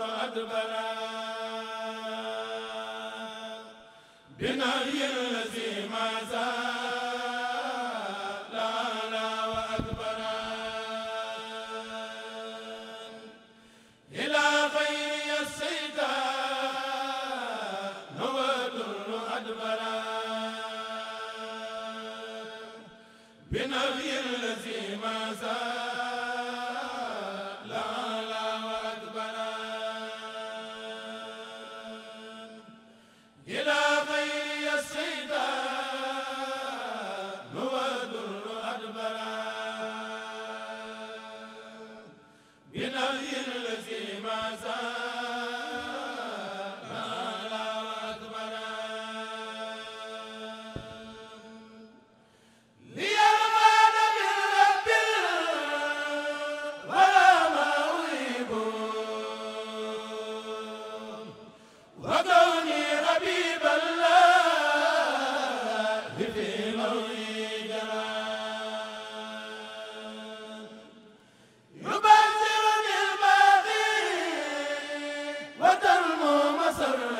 أدبرا بنا yaa sara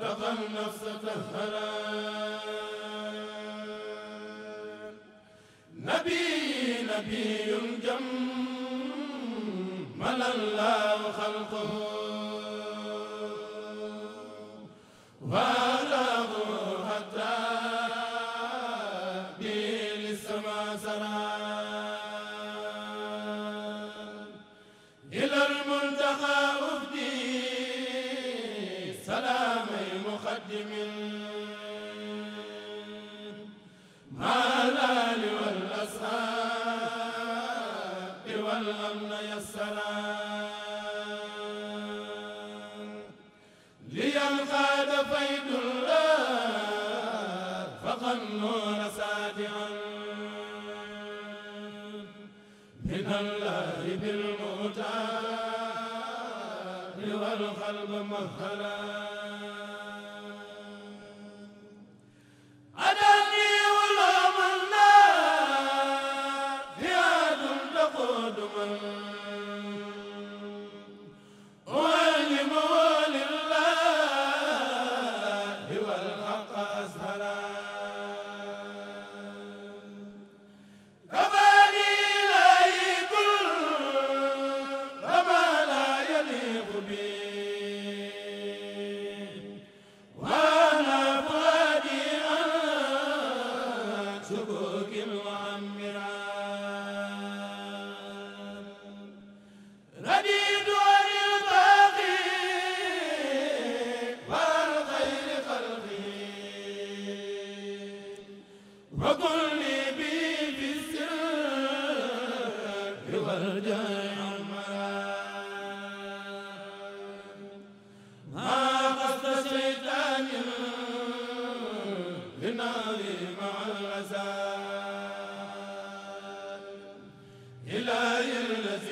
تقى النفس تسهلا نبي نبي جم ملا الله مقدم ما الآل والأصحاب والأمن يسران لينقاد فيد الله فقد نور سادعا من الله بالمؤتار والقلب مهلا أزهر الغزال إلهي الذي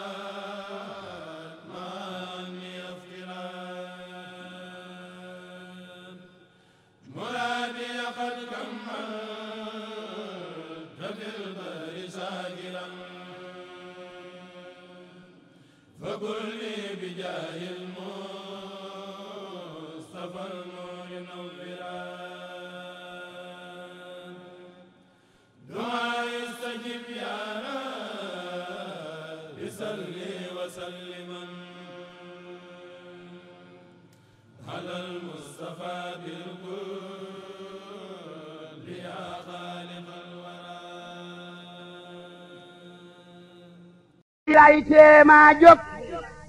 lay tee ma jóg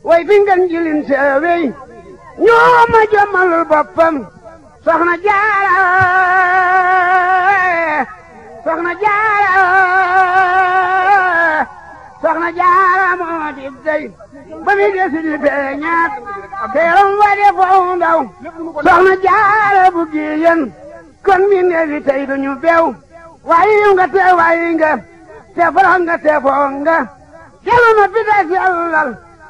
way fi ngeen jilin seewey ñoo ma jëmalul boppam na jaara soxna jaara soxna jaara moo di dey ba mi desi di feeñaat teeram wa de foow ndaw soxna jaara bu giyen kon mi neefi tey duñu beew waayi nga te waayi te forox nga te foow nga jelu na fi dey sellal